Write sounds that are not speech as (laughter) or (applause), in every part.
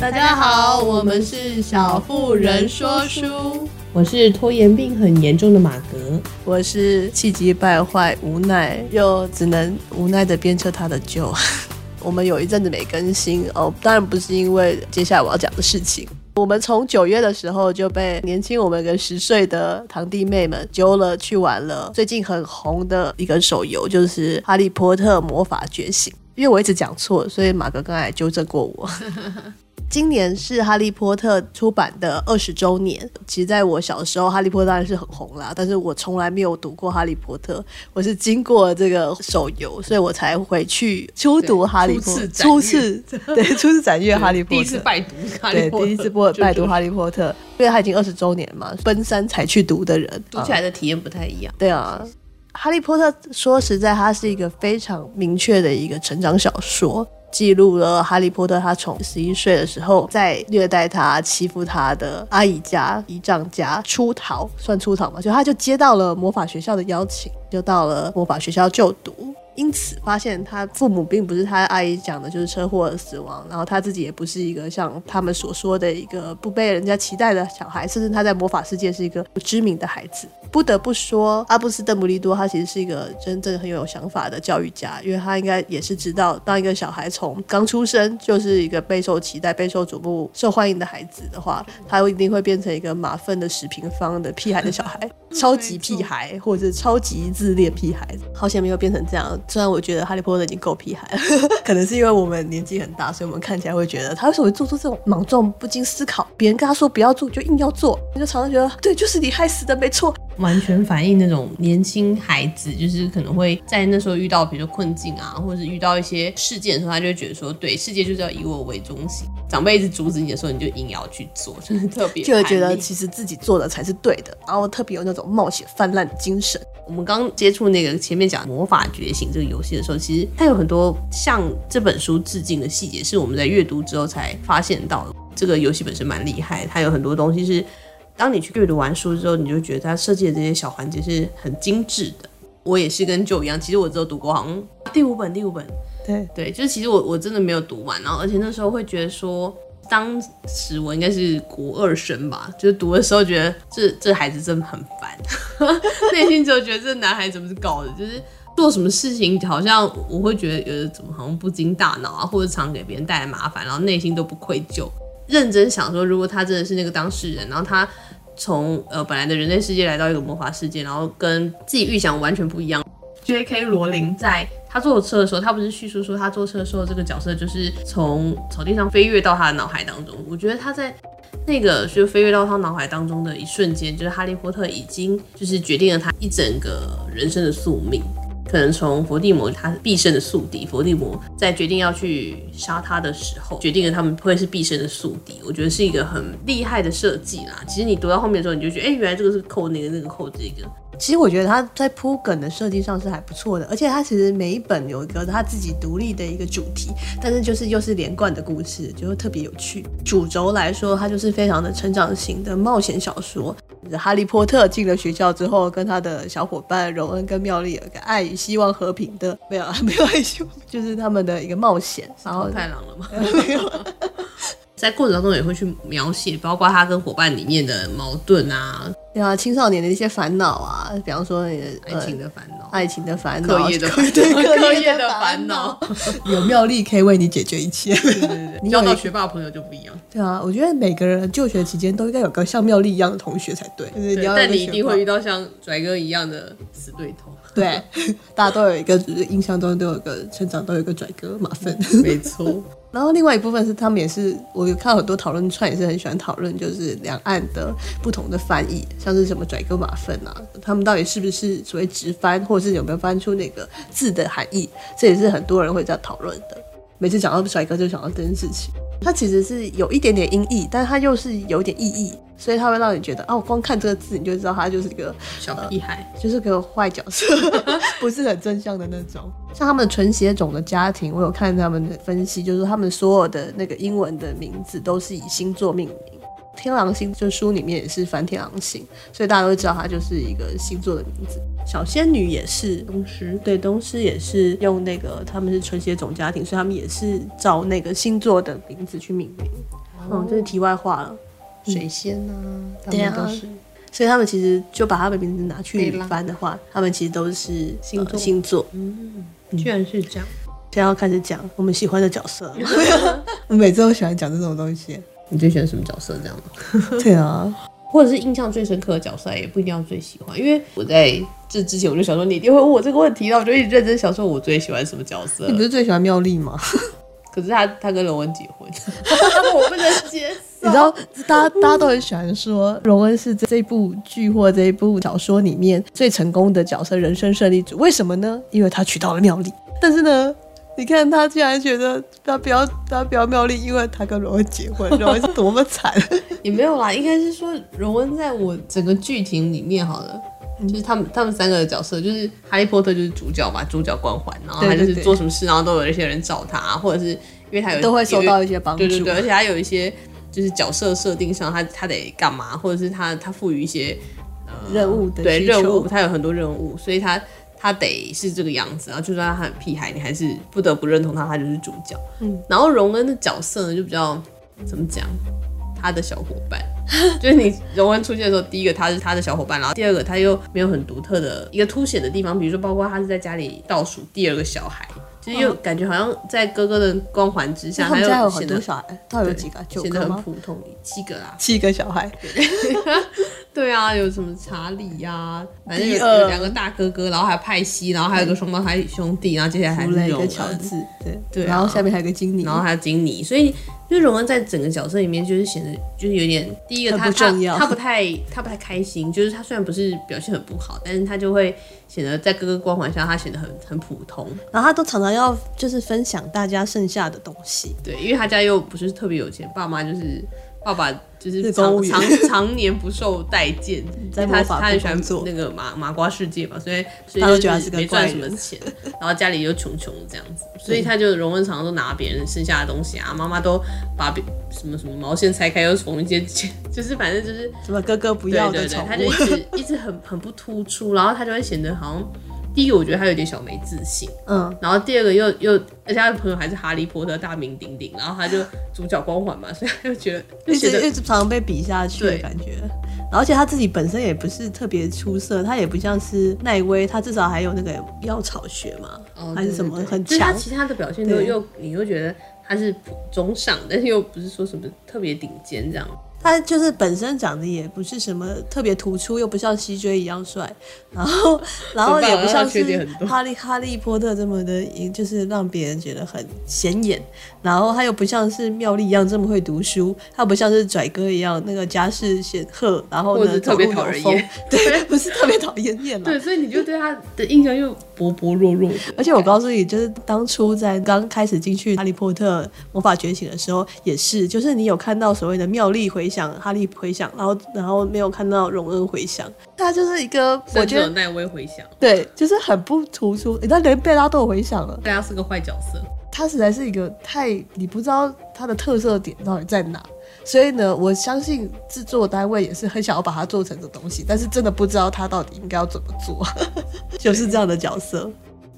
大家好，我們是小婦人說書。我是拖延病很嚴重的馬格，我是氣急敗壞、無奈又只能無奈的鞭策他的舅。 (laughs) 我們有一陣子沒更新哦，當然不是因為接下來我要講的事情。我們從九月的時候就被年輕，我們跟十歲的堂弟妹們揪了去玩了最近很紅的一個手遊，就是《哈利波特魔法覺醒》。因為我一直講錯，所以馬格剛才也糾正過我。 (laughs) 今年是《哈利波特》出版的二十週年。其實，在我小時候，哈《哈利波特》當然是很紅啦，但是我從來沒有讀過《哈利波特》。我是經過這個手遊，所以我才回去初讀《哈利波特》對。初次對，初次展閱《哈利波特》。第一次拜讀《哈利波特》，第一次拜讀《哈利波特》，因為它已經二十週年嘛，奔三才去讀的人，讀起來的體驗不太一樣。啊對啊，是是《哈利波特》說實在，它是一個非常明確的一個成長小說。記錄了哈利波特，他從十一歲的時候，在虐待他、欺負他的阿姨家、姨丈家出逃，算出逃嘛，所以就他就接到了魔法學校的邀請，就到了魔法學校就讀。因此，發現他父母並不是他阿姨講的，就是車禍死亡。然後他自己也不是一個像他們所說的一個不被人家期待的小孩，甚至他在魔法世界是一個不知名的孩子。不得不說，阿不思·鄧不利多他其實是一個真正很有想法的教育家，因為他應該也是知道，當一個小孩從剛出生就是一個備受期待、備受矚目、受歡迎的孩子的話，他一定會變成一個馬糞的十平方的屁孩的小孩， (laughs) 超級屁孩，或者是超級自戀屁孩。好險沒有變成這樣。雖然我覺得哈利波特已經夠屁孩了， (laughs) 可能是因為我們年紀很大，所以我們看起來會覺得他為什麼會做出這種莽撞不經思考？別人跟他說不要做，就硬要做，就常常覺得對，就是你害死的，沒錯。完全反映那種年輕孩子，就是可能會在那時候遇到比如說困境啊，或者是遇到一些事件的時候，他就會覺得說，對，世界就是要以我為中心。長輩一直阻止你的時候，你就硬要去做，真的特別就覺得其實自己做的才是對的，然後特別有那種冒險泛濫的精神。我們剛接觸，那個前面講魔法覺醒這個遊戲的時候，其實它有很多向這本書致敬的細節，是我們在閱讀之後才發現到的。這個遊戲本身蠻厲害，它有很多東西是，當你去閱讀完書之後，你就覺得它設計的這些小環節是很精緻的。我也是跟 Joe 一樣，其實我只有讀過好像、啊、第五本，第五本，對對，就是其實我我真的沒有讀完，然後而且那時候會覺得說。當時我應該是國二生吧，就是讀的時候覺得這這孩子真的很煩，內 (laughs) 心就覺得這男孩怎麼是搞的？就是做什麼事情好像我會覺得有的怎麼好像不經大腦啊，或者常給別人帶來麻煩，然後內心都不愧疚。認真想說，如果他真的是那個當事人，然後他從呃本來的人類世界來到一個魔法世界，然後跟自己預想完全不一樣。J.K. 羅琳在。他坐車的時候，他不是敘述說他坐車的時候，這個角色就是從草地上飛躍到他的腦海當中。我覺得他在那個就飛躍到他腦海當中的一瞬間，就是哈利波特已經就是決定了他一整個人生的宿命。可能從伏地魔，他畢生的宿敵。伏地魔在決定要去殺他的時候，決定了他們會是畢生的宿敵。我覺得是一個很厲害的設計啦。其實你讀到後面的時候，你就覺得，哎、欸，原來這個是扣那個，那個扣這個。其實我覺得他在鋪梗的設計上是還不錯的，而且他其實每一本有一個他自己獨立的一個主題，但是就是又是連貫的故事，就特別有趣。主軸來說，它就是非常的成長型的冒險小說。哈利波特進了學校之後，跟他的小夥伴榮恩跟妙麗有一個愛意。希望和平的沒有啊，沒有害羞，就是他們的一個冒險。然後太狼了嗎？沒有。在過程當中也會去描寫，包括他跟夥伴裡面的矛盾啊，對啊，青少年的一些煩惱啊，比方說你的愛情的煩惱，愛情的煩惱，課業的對對，課業的煩惱。有妙麗可以為你解決一切。對對對，你有學霸朋友就不一樣。對啊，我覺得每個人就學期間都應該有個像妙麗一樣的同學才對。對，但你一定會遇到像拽哥一樣的死對頭。對，大家都有一個就是印象中都有一個成長，都有一個跩哥馬份，沒錯錯。 (laughs) 然後另外一部分是他們也是，我有看到很多討論串也是很喜歡討論，就是兩岸的不同的翻譯，像是什麼跩哥馬份啊，他們到底是不是所謂直翻，或者是有沒有翻出那個字的含義？這也是很多人會在討論的。每次講到跩哥，就想到這件事情。它其實是有一點點音譯，但它又是有點意譯，所以它會讓你覺得，哦、啊，我光看這個字你就知道它就是一個小孩，就是個壞角色， (laughs) 不是很正向的那種。像他們純血種的家庭，我有看他們的分析，就是他們所有的那個英文的名字都是以星座命名。天狼星就書裡面也是翻天狼星，所以大家都知道它就是一個星座的名字。小仙女也是東施，對，東施也是用那個他們是純血種家庭，所以他們也是照那個星座的名字去命名。哦、嗯，這是題外話了。水仙啊，嗯、都是對啊，所以他們其實就把他們的名字拿去翻的話，他們其實都是星座星座。呃、星座，嗯，居然是這樣。嗯、現在要開始講我們喜歡的角色了，我 (laughs) (laughs) 每次都喜歡講這種東西。你最喜歡什麼角色，這樣嗎？ (laughs) 對啊，或者是印象最深刻的角色，也不一定要最喜歡，因為我在這之前我就想說，你一定會問我這個問題，那我就一直認真想說，我最喜歡什麼角色？你不是最喜歡妙麗嗎？ (laughs) 可是他他跟榮恩結婚， (laughs) 我不能接受。 (laughs) 你知道，大家大家都很喜歡說，榮恩是這部劇或這一部小說裡面最成功的角色，人生勝利者，為什麼呢？因為他娶到了妙麗。但是呢，你看他竟然覺得他比較他比較妙麗，因為他跟榮恩結婚，榮恩是多麼慘？ (laughs) 也沒有啦，應該是說榮恩在我整個劇情裡面好了，嗯、就是他們他們三個的角色，就是哈利波特就是主角嘛，主角光環，然後他就是做什麼事，然後都有那些人找他，或者是因為他有都會受到一些幫助，對對對，而且他有一些就是角色設定上，他他得幹嘛，或者是他他賦予一些、呃、任務對任務，他有很多任務，所以他。他得是這個樣子，然後就算他很屁孩，你還是不得不認同他，他就是主角。嗯，然後榮恩的角色呢，就比較怎麼講，他的小夥伴， (laughs) 就是你榮恩出現的時候，第一個他是他的小夥伴，然後第二個他又沒有很獨特的一個凸顯的地方，比如說包括他是在家裡倒數第二個小孩，就是又感覺好像在哥哥的光環之下，嗯、他又他們家有很多小孩，到底有幾個，九個嗎？顯得很普通，七個啦，七個小孩。對 (laughs) 對啊，有什麼查理呀、啊，反正有兩二個大哥哥，然後還有派西，然後還有個雙胞胎兄弟，嗯、然後接下來還有個喬治，對對、啊，然後下面還有個金妮，然後還有金妮，所以就榮恩在整個角色裡面，就是顯得就是有點第一個重要，他他他不太他不太，他不太開心，就是他雖然不是表現很不好，但是他就會顯得在哥哥光環下他顯得很很普通，然後他都常常要就是分享大家剩下的東西，對，因為他家又不是特別有錢，爸媽就是。爸爸就是長常年不受待見， (laughs) 在因為他他很喜歡做那個麻麻瓜世界嘛，所以所以就是，他覺得他是沒賺什麼錢，然後家裡又窮窮這樣子，所以他就容文常，常都拿別人剩下的東西啊，媽媽都把什麼什麼毛線拆開又縫一些就是反正就是什麼哥哥不要的對對對，他就一直一直很很不突出，然後他就會顯得好像。第一個我覺得他有點小沒自信，嗯，然後第二個又又，而且他的朋友還是《哈利波特》大名鼎鼎，然後他就主角光環嘛，所以他就覺得就覺得一直常常被比下去的感覺，而且對他自己本身也不是特別出色，他也不像是奈威，他至少還有那個藥草學嘛，哦，還是什麼很強，哦、對對對他其他的表現都又對你又覺得他是中上，但是又不是說什麼特別頂尖這樣。他就是本身長得也不是什麼特別突出，又不像西追一樣帥，然後，棒然後也不像是哈利很多哈利波特這麼的，就是讓別人覺得很顯眼。然後他又不像是妙麗一樣這麼會讀書，他不像是拽哥一樣那個家世顯赫，然後呢特別討人厭， (laughs) 對，不是特別討人厭嘛。 (laughs) 對，所以你就對他的印象又薄薄弱弱。而且我告訴你，就是當初在剛開始進去《哈利波特魔法覺醒》的時候，也是，就是你有看到所謂的妙麗迴響、哈利迴響，然後然後沒有看到榮恩迴響，他就是一個，我覺得，奈威迴響，對，就是很不突出。那、欸、連貝拉都有迴響了，啊，貝拉是個壞角色。它實在是一個太，你不知道它的特色點到底在哪，所以呢，我相信製作單位也是很想要把它做成的東西，但是真的不知道它到底應該要怎麼做， (laughs) 就是這樣的角色。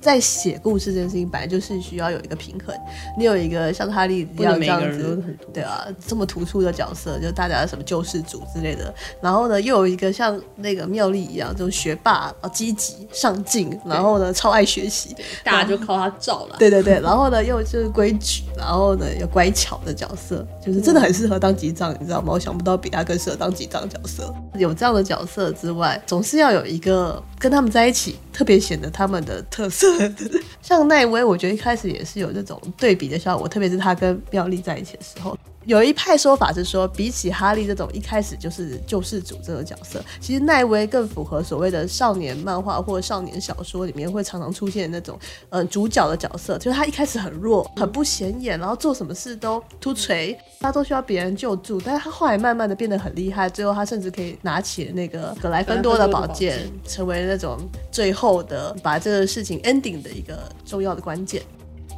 在寫故事這件事情，本來就是需要有一個平衡。你有一個像哈利一樣這樣子，對啊，這麼突出的角色，就大家什麼救世主之類的。然後呢，又有一個像那個妙麗一樣，就學霸啊，積極上進，然後呢，對超愛學習，大家就靠他照了。對對對，然後呢，又就是規矩，然後呢，又乖巧的角色，就是真的很適合當級長，嗯、你知道嗎？我想不到比他更適合當級長角色。有這樣的角色之外，總是要有一個跟他們在一起，特別顯得他們的特色。 (laughs) 像奈威，我覺得一開始也是有這種對比的效果，特別是他跟妙麗在一起的時候。有一派說法是說，比起哈利這種一開始就是救世主這個角色，其實奈威更符合所謂的少年漫畫或少年小說裡面會常常出現那種，嗯、呃，主角的角色，就是他一開始很弱，很不顯眼，然後做什麼事都凸槌，他都需要別人救助，但是他後來慢慢的變得很厲害，最後他甚至可以拿起那個格萊芬多的寶劍，成為那種最後的把這個事情 ending 的一個重要的關鍵。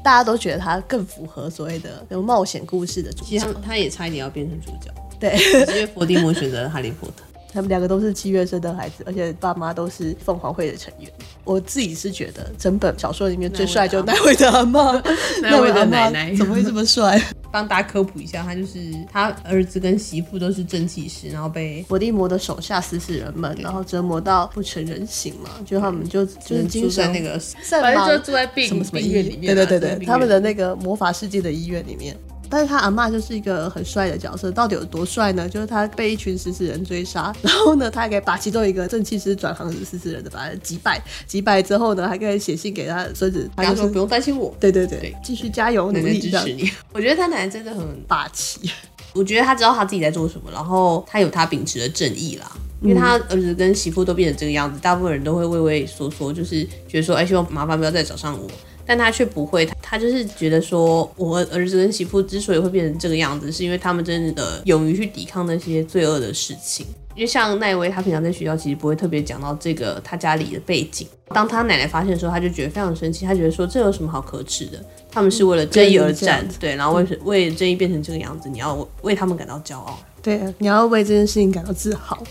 大家都覺得他更符合所謂的那種冒險故事的主角，其實他也差一點要變成主角，對，因為伏地魔選擇了哈利波特。他們兩個都是七月生的孩子，而且爸媽都是鳳凰會的成員。我自己是覺得，整本小說裡面最帥就是奈威的阿嬤， (laughs) 奈威的奶奶，怎麼會這麼帥？幫 (laughs) 大家科普一下，他就是他兒子跟媳婦都是正氣師，然後被伏地魔的手下食死人們，然後折磨到不成人形嘛，對就他們就對就是精住在那個，反正就住在病什麼什麼醫院裡面，啊，對對對對，他們的那個魔法世界的醫院裡面。但是他阿嬤就是一個很帥的角色，到底有多帥呢？就是他被一群食死人追殺，然後呢，他還可以把其中一個正氣師轉行成食死人的，把他擊敗擊敗之後呢，還可以寫信給他孫子，他就說生、就是、不用擔心我，對對對，對，繼續加油努力，奶奶支持你。我覺得他奶奶真的很霸氣，我覺得他知道他自己在做什麼，然後他有他秉持的正義啦，因為他兒子、嗯、跟媳婦都變成這個樣子，大部分人都會畏畏縮縮，就是覺得說，哎，希望麻煩不要再找上我。但他卻不會，他他就是覺得說，我兒子跟媳婦之所以會變成這個樣子，是因為他們真的勇於去抵抗那些罪惡的事情。因為像奈威，他平常在學校其實不會特別講到這個他家裡的背景。當他奶奶發現的時候，他就覺得非常生氣，他覺得說這有什麼好可恥的？他們是為了正義而戰，嗯，就是、對，然後為為正義變成這個樣子，你要為他們感到驕傲，對，你要為這件事情感到自豪。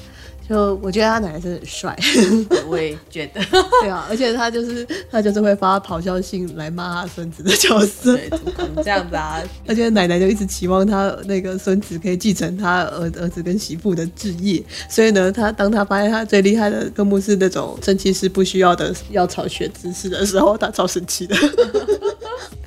就我覺得他奶奶是很帥，我也覺得， (laughs) 對啊，而且他就是他就是會發咆哮信來罵他孫子的角色，對，可能 (laughs) 這樣子啊，而且奶奶就一直期望他那個孫子可以繼承他兒子兒子跟媳婦的志業，所以呢，他當他發現他最厲害的科目是那種正氣，是不需要的要藥草學知識的時候，他超神奇的， (laughs) (laughs)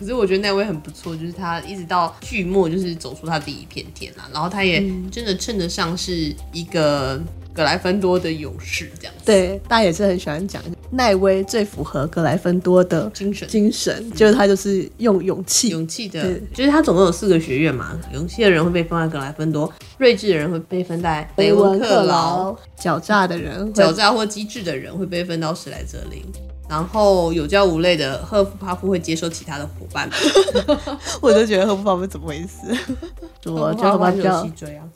可是我覺得那位很不錯，就是他一直到劇末就是走出他的第一片天啦，啊，然後他也真的稱得上是一個。格萊芬多的勇士這樣，對，大家也是很喜歡講奈威最符合格萊芬多的精神，精神、精神就是他就是用勇氣，勇氣的，對就是他總共有四個學院嘛，勇氣的人會被分在格萊芬多，睿智的人會被分在雷文克勞，狡詐的人，狡詐或機智的人會被分到史萊哲林。然後有教無類的赫夫帕夫會接受其他的夥伴的， (laughs) 我就覺得赫夫帕夫怎麼回事？我叫叫、啊、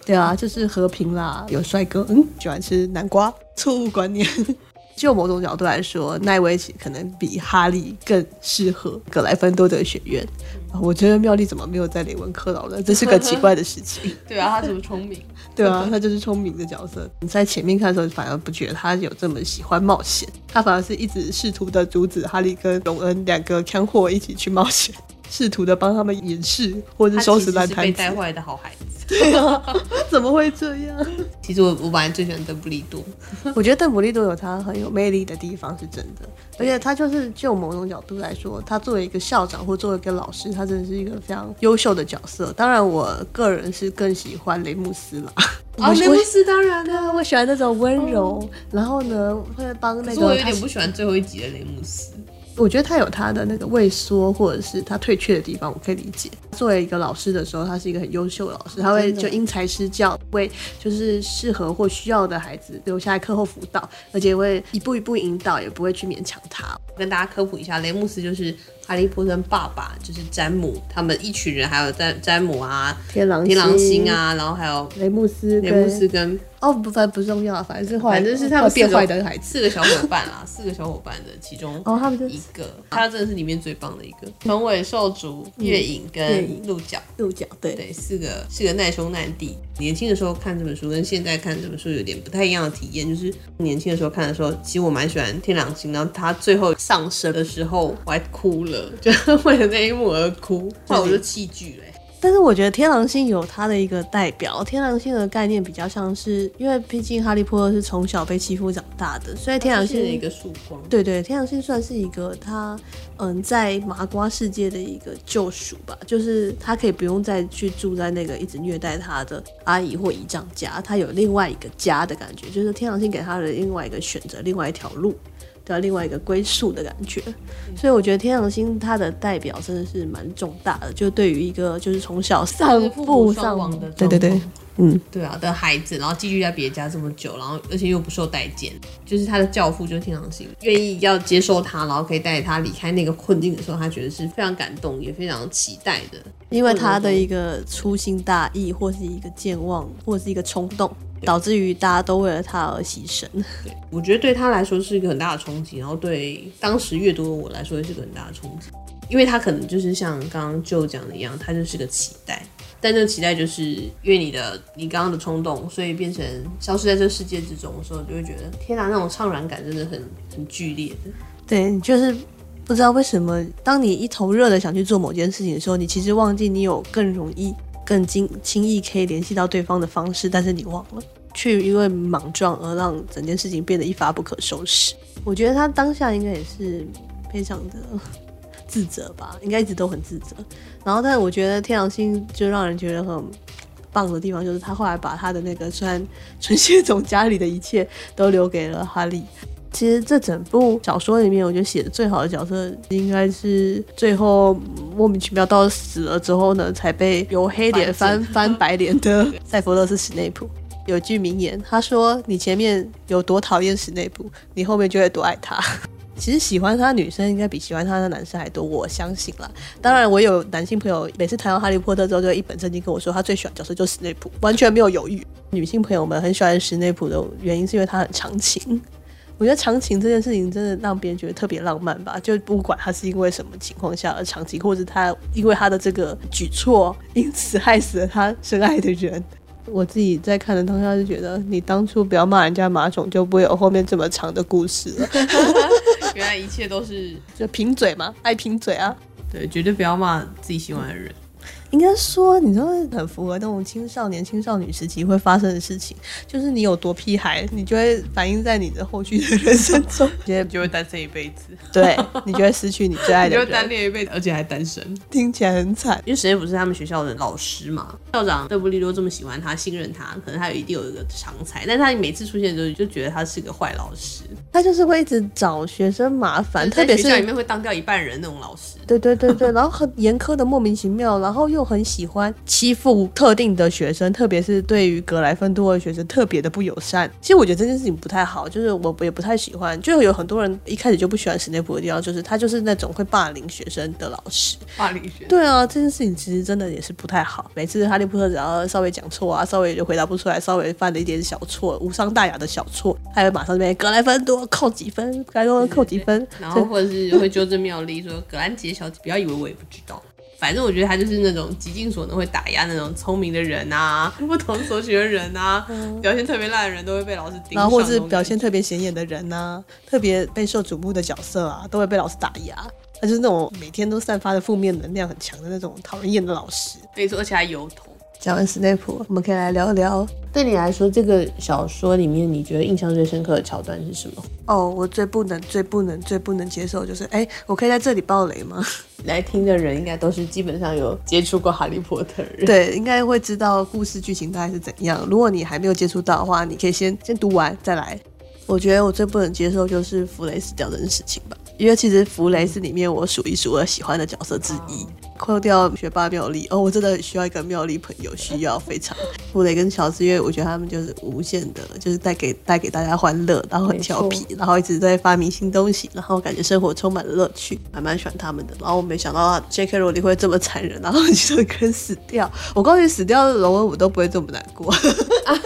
對啊，就是和平啦。有帥哥，嗯，喜歡吃南瓜，錯誤觀念。 (laughs) 就某種角度來說，奈威可能比哈利更適合格萊芬多的學院。嗯、我覺得妙麗怎麼沒有在雷文克勞呢？這是個奇怪的事情。 (laughs) 對啊，他這麼聰明。 (laughs) 對啊，他就是聰明的角色。你在前面看的時候，反而不覺得他有這麼喜歡冒險，他反而是一直試圖的阻止哈利跟榮恩兩個看貨一起去冒險。試圖的幫他們掩飾，或者是收拾爛攤子。他其實是被帶壞的好孩子，對 (laughs) (laughs) 怎麼會這樣？其實我我本來最喜歡鄧布利多， (laughs) 我覺得鄧布利多有他很有魅力的地方是真的，而且他就是就某種角度來說，他作為一個校長或作為一個老師，他真的是一個非常優秀的角色。當然，我個人是更喜歡雷姆斯了。啊，雷姆斯當然他、啊，我喜歡那種溫柔，嗯、然後呢會幫那個他。可是我有點不喜歡最後一集的雷姆斯。我覺得他有他的那個畏縮，或者是他退卻的地方，我可以理解。作為一個老師的時候，他是一個很優秀的老師，他會就因材施教，為就是適合或需要的孩子留下來課後輔導，而且會一步一步引導，也不會去勉強他。跟大家科普一下，雷姆斯就是。哈利波特爸爸就是詹姆，他們一群人還有詹詹姆啊，天狼天狼星啊，然後還有雷姆斯雷姆斯跟,對斯跟哦不不不重要，反正是反正是他們變壞的孩子四個小伙伴啊， (laughs) 四個小伙伴的其中哦他們就一、是、個，啊、他真的是裡面最棒的一個。蟲尾獸足月影跟鹿角鹿角對對，四個四個耐難兄難弟。年輕的時候看這本書跟現在看這本書有點不太一樣的體驗，就是年輕的時候看的時候，其實我蠻喜歡天狼星，然後他最後上升的時候我還哭了。就為了那一幕而哭，後來我就棄劇了、欸。但是我覺得天狼星有他的一個代表，天狼星的概念比較像是，因為畢竟哈利波特是從小被欺負長大的，所以天狼星的一、啊就是、個曙光。對，對對，天狼星算是一個他，嗯，在麻瓜世界的一個救贖吧，就是他可以不用再去住在那個一直虐待他的阿姨或姨丈家，他有另外一個家的感覺，就是天狼星給他的另外一個選擇，另外一條路。呃，另外一個歸宿的感覺，嗯、所以我覺得天狼星他的代表真的是蠻重大的。就對於一個就是從小喪父、喪母的，對對對，嗯，對啊的孩子，然後寄居在別人家這麼久，然後而且又不受待見，就是他的教父就是天狼星，願意要接受他，然後可以帶他離開那個困境的時候，他覺得是非常感動，也非常期待的。因為他的一個粗心大意，或是一個健忘，或是一個衝動。對導致於大家都為了他而犧牲，我覺得對他來說是一個很大的衝擊，然後對當時閱讀的我來說也是一個很大的衝擊，因為他可能就是像剛剛就講的一樣，他就是個期待，但這個期待就是因為你的你剛剛的衝動，所以變成消失在這世界之中的時候，你就會覺得天哪、啊，那種悵然感真的很很劇烈，對你就是不知道為什麼，當你一頭熱的想去做某件事情的時候，你其實忘記你有更容易，更輕輕易可以聯繫到對方的方式，但是你忘了，卻因為莽撞而讓整件事情變得一發不可收拾。我覺得他當下應該也是非常的自責吧，應該一直都很自責。然後，但是我覺得天狼星就讓人覺得很棒的地方，就是他後來把他的那個雖然純血種家裡的一切都留給了哈利。其實這整部小說裡面，我覺得寫的最好的角色，應該是最後莫名其妙到死了之後呢，才被由黑臉翻翻白臉的塞弗勒斯·史內普。有句名言，他說：“你前面有多討厭史內普，你後面就會多愛他。”其實喜歡他女生應該比喜歡他的男生還多，我相信啦。當然，我有男性朋友，每次談到哈利波特之後，就一本正經跟我說，他最喜歡的角色就是史內普，完全沒有猶豫。女性朋友們很喜歡史內普的原因，是因為他很長情。我覺得長情這件事情真的讓別人覺得特別浪漫吧？就不管他是因為什麼情況下而長情，或者他因為他的這個舉措因此害死了他深愛的人。我自己在看的當下就覺得，你當初不要罵人家麻種，就不會有後面這麼長的故事了。 (laughs) 原來一切都是就貧嘴嘛，愛貧嘴啊！對，絕對不要罵自己喜歡的人。應該說，你真的很符合那種青少年、青少女時期會發生的事情，就是你有多屁孩，你就會反映在你的後續的人生中，直接 (laughs) 就會單身一輩子。對，你就會失去你最愛的人，就會單戀一輩子，而且還單身，聽起來很慘。因為石內卜是他們學校的老師嘛，校長鄧布利多這麼喜歡他、信任他，可能他有一定有一個長才，但是他每次出現的時候，就覺得他是個壞老師，他就是會一直找學生麻煩，特別是在學校裡面會當掉一半人那種老師。 (laughs) 對對對對，然後很嚴苛的，莫名其妙，然後又。都很喜歡欺負特定的學生，特別是對於格萊芬多的學生特別的不友善。其實我覺得這件事情不太好，就是我也不太喜歡。就有很多人一開始就不喜歡史內普的地方，就是他就是那種會霸凌學生的老師。霸凌學生？對啊，這件事情其實真的也是不太好。每次哈利波特只要稍微講錯啊，稍微就回答不出來，稍微犯了一點小錯，無傷大雅的小錯，他會馬上被格萊芬多扣幾分，格萊芬多扣幾分，嗯、是然後或者是會糾正妙麗說：“格蘭傑小姐，不要以為我也不知道。”反正我覺得他就是那種極盡所能會打壓那種聰明的人啊， (laughs) 不同所學的人啊， (laughs) 表現特別爛的人都會被老師盯上，然後或者表現特別顯眼的人啊， (laughs) 特別備受矚目的角色啊，都會被老師打壓。他就是那種每天都散發的負面能量很強的那種討厭的老師。所以說，而且還油頭。講完斯內普，我們可以來聊一聊。對你來說，這個小說裡面你覺得印象最深刻的橋段是什麼？哦，oh, 我最不能、最不能、最不能接受就是，哎、欸，我可以在這裡爆雷嗎？來聽的人應該都是基本上有接觸過《哈利波特》人，對，應該會知道故事劇情大概是怎樣。如果你還沒有接觸到的話，你可以先先讀完再來。我覺得我最不能接受就是弗雷死掉這件事情吧。因為其實弗雷是裡面我數一數二喜歡的角色之一，扣掉、嗯、學霸妙麗哦，我真的需要一個妙麗朋友，需要非常弗雷 (laughs) 跟喬治，因為我覺得他們就是無限的，就是帶給帶給大家歡樂，然後很調皮，錯然後一直在發明新東西，然後感覺生活充滿了樂趣，還蠻喜歡他們的。然後我沒想到 JK 羅利會這麼殘忍，然後就跟死掉。我告訴你，死掉的榮恩我都不會這麼難過、 (laughs) 啊，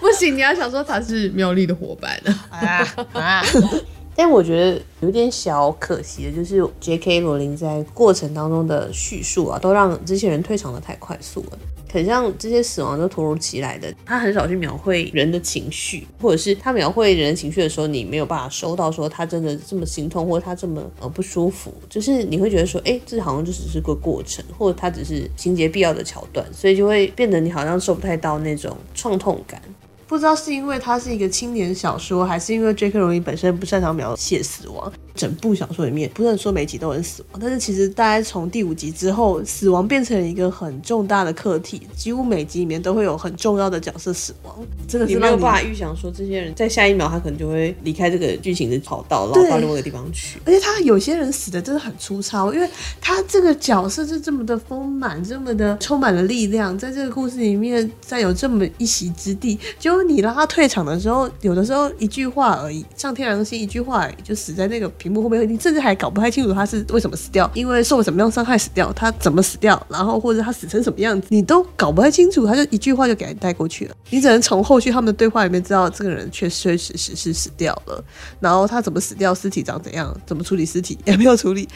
不行，你要想說他是妙麗的夥伴啊。啊 (laughs) 但我覺得有點小可惜的，就是 J.K. 羅琳在過程當中的敘述啊，都讓這些人退場的太快速了，很像這些死亡都突如其來的。他很少去描繪人的情緒，或者是他描繪人的情緒的時候，你沒有辦法收到說他真的這麼心痛，或他這麼呃不舒服。就是你會覺得說，哎、欸，這好像就只是個過程，或者他只是情節必要的橋段，所以就會變得你好像受不太到那種創痛感。不知道是因為它是一個青年小說，還是因為 J.K. Rowling 本身不擅長描寫死亡。整部小說裡面，不能說每集都很死亡，但是其實大概從第五集之後，死亡變成了一個很重大的課題，幾乎每集裡面都會有很重要的角色死亡。真的是沒有辦法預想說，這些人在下一秒他可能就會離開這個劇情的跑道，然後到另外一個地方去。而且他有些人死的真的很粗糙，因為他這個角色是這麼的豐滿，這麼的充滿了力量，在這個故事裡面占有這麼一席之地，就。因為你拉他退場的時候，有的時候一句話而已，像天狼星一句話而已就死在那個屏幕後面，你甚至還搞不太清楚他是為什麼死掉，因為受了什麼樣傷害死掉，他怎麼死掉，然後或者他死成什麼樣子，你都搞不太清楚，他就一句話就給人帶過去了，你只能從後續他們的對話裡面知道這個人確實實是，是死掉了，然後他怎麼死掉，屍體長怎樣，怎麼處理屍體也沒有處理，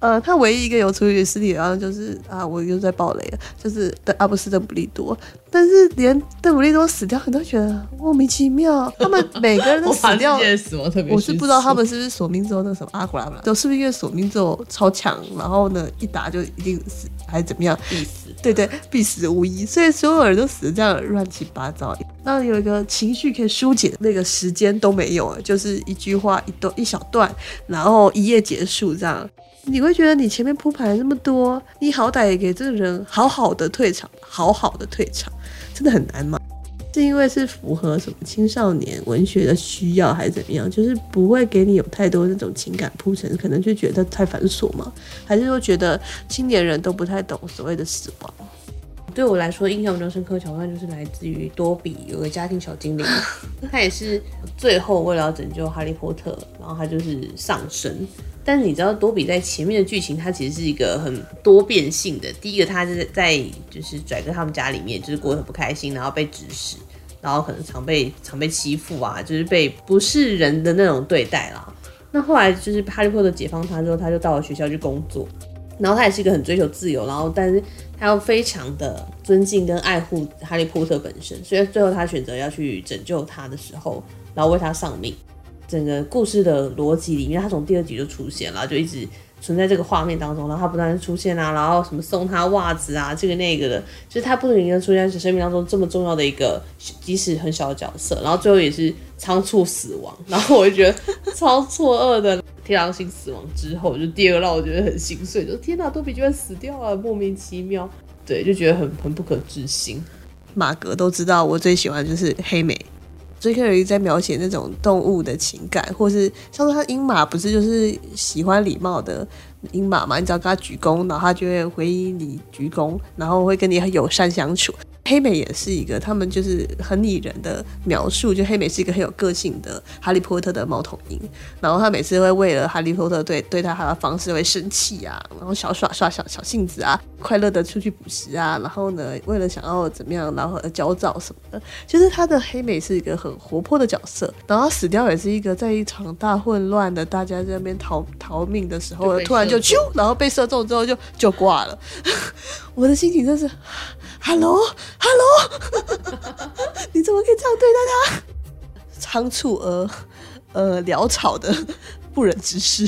呃，他唯一一個有處理屍體然後就是啊，我又在爆雷了，就是的阿不思鄧不利多。但是連鄧布利多死掉，很多人覺得莫名其妙。他們每個人都死掉， (laughs) 我死特別。我是不知道他們是不是索命咒那個什麼阿古拉嘛，就 (laughs) 是不是因為索命咒超強，然後呢一打就一定死還是怎麼樣？必死，對，對對，必死無疑。所以所有人都死的這樣亂七八糟。 (laughs) 那有一個情緒可以疏解的那個時間都沒有了，就是一句話一段一小段，然後一頁結束這樣。你會覺得你前面鋪排那麼多，你好歹也給這個人好好的退場，好好的退場。真的很難嗎？是因為是符合什麼青少年文學的需要還是怎麼樣？就是不會給你有太多那種情感鋪陳，可能就覺得太繁瑣嗎？還是說覺得青年人都不太懂所謂的死亡？對我來說，印象比較深刻的橋段就是來自於多比，有個家庭小精靈，他也是最後為了要拯救哈利波特，然後他就是喪生。但是你知道多比在前面的劇情，他其實是一個很多變性的。第一個他是在就是跩哥他們家裡面就是過得很不開心，然後被指使，然後可能常被常被欺負啊，就是被不是人的那種對待了。那後來就是哈利波特解放他之後，他就到了學校去工作，然後他也是一個很追求自由，然後但是。他又非常的尊敬跟愛護哈利波特本身，所以最後他選擇要去拯救他的時候，然後為他喪命。整個故事的邏輯裡面，他從第二集就出現了，就一直存在這個畫面當中。然後他不斷出現啊，然後什麼送他襪子啊，這個那個的，就是他不僅僅出現是生命當中這麼重要的一個，即使很小的角色，然後最後也是倉促死亡。然後我就覺得超錯愕的。 (laughs) 天狼星死亡之後，就第二讓我覺得很心碎，就天哪、啊，多比居然死掉了，莫名其妙，對，就覺得很很不可置信。馬格都知道，我最喜歡就是黑美。所以可以一直在描寫那種動物的情感，或是像說他鷹馬，不是就是喜歡禮貌的。鷹馬嘛，你只要跟他鞠躬，然後他就會回應你鞠躬，然後會跟你很友善相處。黑美也是一個，他們就是很擬人的描述，就黑美是一個很有個性的《哈利波特》的貓頭鷹，然後他每次會為了《哈利波特》對對待他的方式會生氣啊，然後小耍耍小小性子啊，快樂的出去捕食啊，然後呢，為了想要怎麼樣，然後焦躁什麼的，其實他的黑美是一個很活潑的角色，然後他死掉也是一個在一場大混亂的大家在那邊逃逃命的時候，突然就。就咻，然後被射中之後就就掛了。 (laughs) 我的心情真是，hello hello， (laughs) 你怎麼可以這樣對待他？倉 (laughs) 促而呃潦草的不忍直視。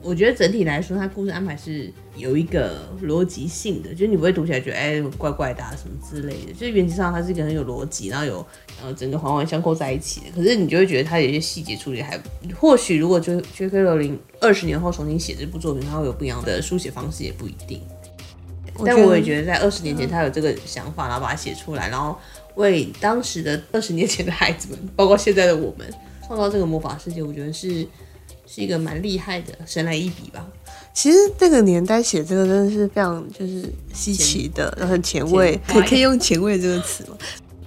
我覺得整體來說，他故事安排是。有一個邏輯性的，就是你不會讀起來覺得哎、欸、怪怪的、啊、什麼之類的，就是原則上它是一個很有邏輯，然後有呃整個環環相扣在一起的。可是你就會覺得它有一些細節處理還不或許，如果就 J.K. 羅琳二十年後重新寫這部作品，它會有不一樣的書寫方式也不一定。我但我也覺得在二十年前他有這個想法，嗯、然後把它寫出來，然後為當時的二十年前的孩子們，包括現在的我們，創造這個魔法世界，我覺得是是一個蠻厲害的神來一筆吧。其實那個年代寫這個真的是非常就是稀奇的，很前衛，可以可以用前衛這個詞嘛，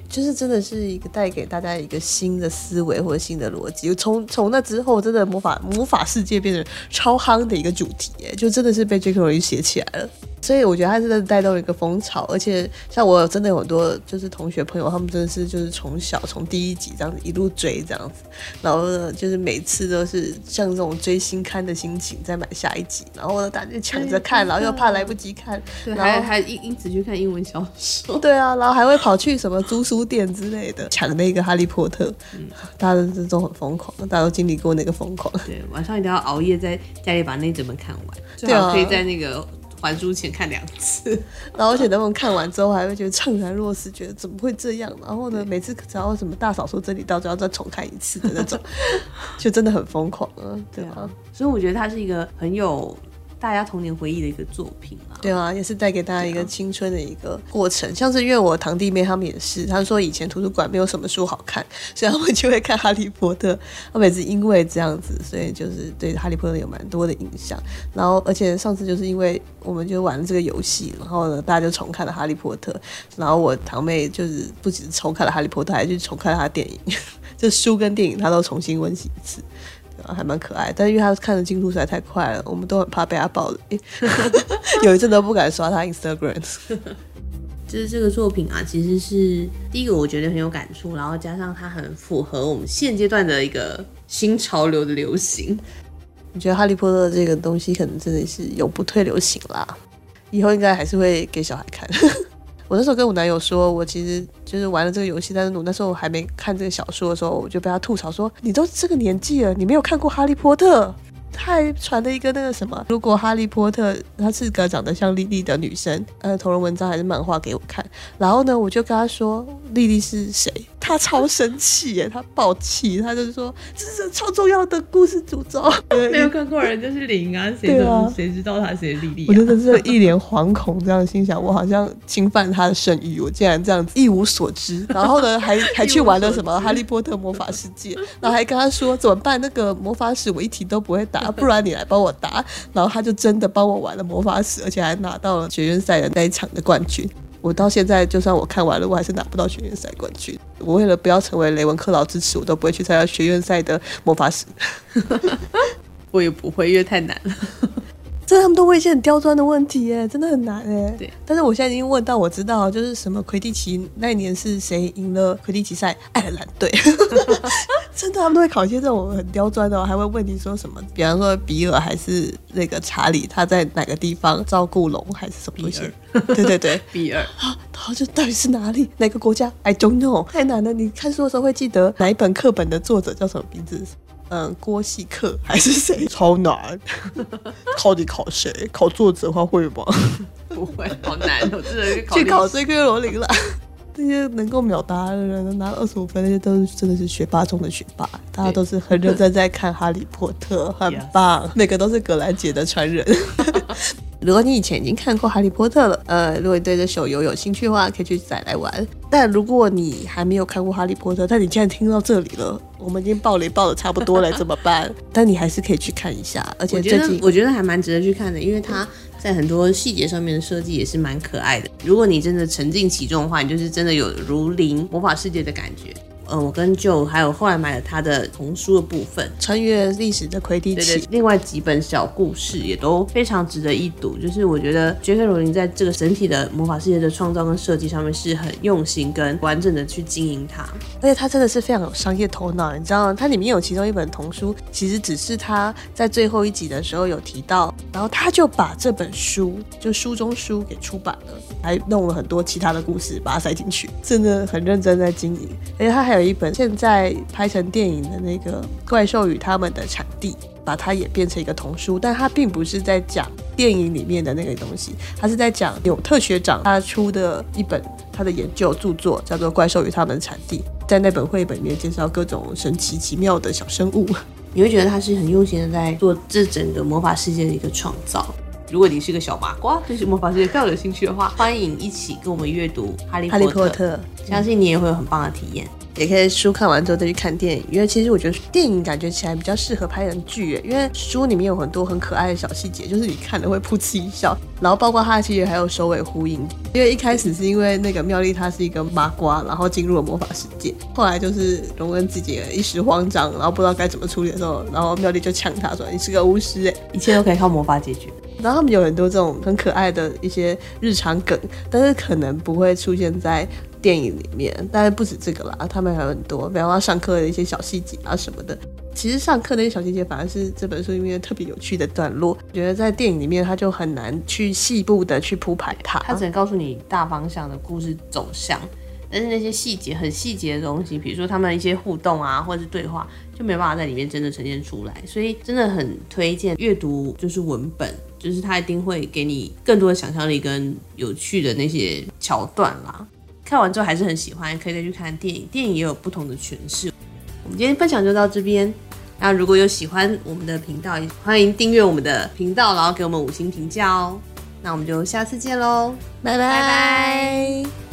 就是真的是一個帶給大家一個新的思維或者新的邏輯。從從那之後，真的魔法魔法世界變成超夯的一個主題耶，就真的是被 J.K. 羅琳寫起來了。所以我覺得他真的帶動了一個風潮，而且像我真的有很多就是同學朋友，他們真的是就是從小從第一集這樣子一路追這樣子，然後呢就是每次都是像這種追新刊的心情，再買下一集，然後大家就搶着看，然後又怕來不及看，對啊、然後對，還還因因此去看英文小說，對啊，然後還會跑去什麼租書店之類的搶那個哈利波特，嗯、大家是都都很瘋狂，大家都經歷過那個瘋狂，對，晚上一定要熬夜在家裡把那整本看完，對啊，最好可以在那個。還書前看兩次，然後而且他們看完之後還會覺得悵然若失，覺得怎麼會這樣？然後呢，對每次只要什麼大掃除整理到，就要再重看一次的那種， (laughs) 就真的很瘋狂啊。對啊，對嗎所以我覺得他是一個很有。大家童年回憶的一個作品嘛。啊，對啊，也是帶給大家一個青春的一個過程。啊、像是因為我堂弟妹他們也是，他說以前圖書館沒有什麼書好看，所以他們就會看哈利波特。他們也是因為這樣子，所以就是對哈利波特有蠻多的影響。然後，而且上次就是因為我們就玩了這個遊戲，然後呢，大家就重看了哈利波特。然後我堂妹就是不僅重看了哈利波特，還去重看了他的電影，這 (laughs) 書跟電影他都重新溫習一次。還蠻可愛，但是因為他看的進度實在太快了，我們都很怕被他暴雷。 (laughs) 有一陣都不敢刷他 Instagram。就是這個作品啊，其實是第一個我覺得很有感觸，然後加上它很符合我們現階段的一個新潮流的流行。我覺得哈利波特這個東西可能真的是永不退流行啦，以後應該還是會給小孩看。 (laughs) 我那時候跟我男友說，我其實就是玩了這個遊戲，但是我那時候我還沒看這個小說的時候，我就被他吐槽說：“你都這個年紀了，你沒有看過《哈利波特》？”他還傳了一個那個什麼，如果《哈利波特》他是個長得像莉莉的女生，他的同人文章還是漫畫給我看。然後呢，我就跟他說：“莉莉是誰？”他超生氣耶，他爆氣，他就說這是超重要的故事主軸。沒有看過人就是零啊，誰誰知,、啊、知道他誰的弟弟？莉莉我真的是一臉惶恐，這樣的心想我好像侵犯他的聲譽，我竟然這樣子一無所知。然後呢，還還去玩了什麼哈利波特魔法世界，然後還跟他說怎麼辦？那個魔法史我一題都不會答，不然你來幫我答。然後他就真的幫我玩了魔法史，而且還拿到了學院賽的那一場的冠軍。我到現在，就算我看完了，我還是拿不到學院賽冠軍。我為了不要成為雷文克勞之恥，我都不會去參加學院賽的魔法史， (laughs) 我也不會，因為太難了。所以他們都會一些很刁鑽的問題耶，真的很難耶。對，但是我現在已經問到，我知道就是什麼魁地奇那一年是誰贏了魁地奇賽？愛爾蘭隊。 (laughs) 真的，他們都會考一些這種很刁鑽的，還會問你說什麼，比方說比爾還是那個查理，他在哪個地方照顧龍還是什麼東西？比爾 (laughs) 對對對，比爾爾啊，然後這到底是哪裡？哪個國家？I don't know，太難了。你看書的時候會記得哪一本課本的作者叫什麼名字？嗯，郭系克還是誰？ (laughs) 超難，到底考誰？考作者的話會嗎？ (laughs) 不會，好難。 (laughs) 我真的去考 JK 羅琳了。那 (laughs) 些能夠秒答的人，能拿二十五分，那些都是真的是學霸中的學霸。對大家都是很認真在看《哈利波特》， (laughs) 很棒。Yeah. 每個都是葛蘭傑的傳人。 (laughs) (laughs) 如果你以前已經看過《哈利波特》了，呃，如果你對這手遊有興趣的話，可以去載來玩。但如果你還沒有看過《哈利波特》，但你既然聽到這裡了，我們已經暴雷暴的差不多了， (laughs) 怎麼辦？但你還是可以去看一下。而且最近我覺,我覺得還蠻值得去看的，因為它在很多細節上面的設計也是蠻可愛的。如果你真的沉浸其中的話，你就是真的有如臨魔法世界的感覺。嗯，我跟 Joe 還有後來買了他的童書的部分，《穿越歷史的魁地奇》，另外幾本小故事也都非常值得一讀。就是我覺得 J.K. 羅琳在這個整體的魔法世界的創造跟設計上面是很用心跟完整的去經營它，而且他真的是非常有商業頭腦。你知道嗎？它裡面有其中一本童書，其實只是他在最後一集的時候有提到，然後他就把這本書就書中書給出版了，還弄了很多其他的故事把它塞進去，真的很認真在經營。而且他還有。一本現在拍成電影的那個《怪獸與他們的產地》，把它也變成一個童書，但它並不是在講電影裡面的那個東西，它是在講紐特學長他出的一本他的研究著作，叫做《怪獸與他們的產地》，在那本繪本裡面介紹各種神奇奇妙的小生物，你會覺得他是很用心的在做這整個魔法世界的一個創造。如果你是一個小麻瓜，對這些魔法世界比較有興趣的話， (laughs) 歡迎一起跟我們閱讀《哈利·哈利波特》波特，相信你也會有很棒的體驗。嗯、也可以書看完之後再去看電影，因為其實我覺得電影感覺起來比較適合拍成劇，因為書裡面有很多很可愛的小細節，就是你看了會噗嗤一笑。然後包括它其實還有首尾呼應，因為一開始是因為那個妙麗他是一個麻瓜，然後進入了魔法世界，後來就是榮恩自己一時慌張，然後不知道該怎麼處理的時候，然後妙麗就嗆他說：“你是個巫師，哎，一切都可以靠魔法解決。”然後他們有很多這種很可愛的一些日常梗，但是可能不會出現在電影裡面。但是不止這個啦，他們還有很多，比方說上課的一些小細節啊什麼的。其實上課那些小細節反而是這本書裡面特別有趣的段落。我覺得在電影裡面，他就很難去細部的去鋪排它，他只能告訴你大方向的故事走向，但是那些細節很細節的東西，比如說他們一些互動啊，或者是對話，就沒有辦法在裡面真的呈現出來。所以真的很推薦閱讀，就是文本。就是他一定會給你更多的想象力跟有趣的那些橋段啦。看完之後還是很喜歡，可以再去看電影。電影也有不同的詮釋。我們今天分享就到這邊。那如果有喜歡我們的頻道，也歡迎訂閱我們的頻道，然後給我們五星評價哦。那我們就下次見嘍，拜拜 bye。Bye bye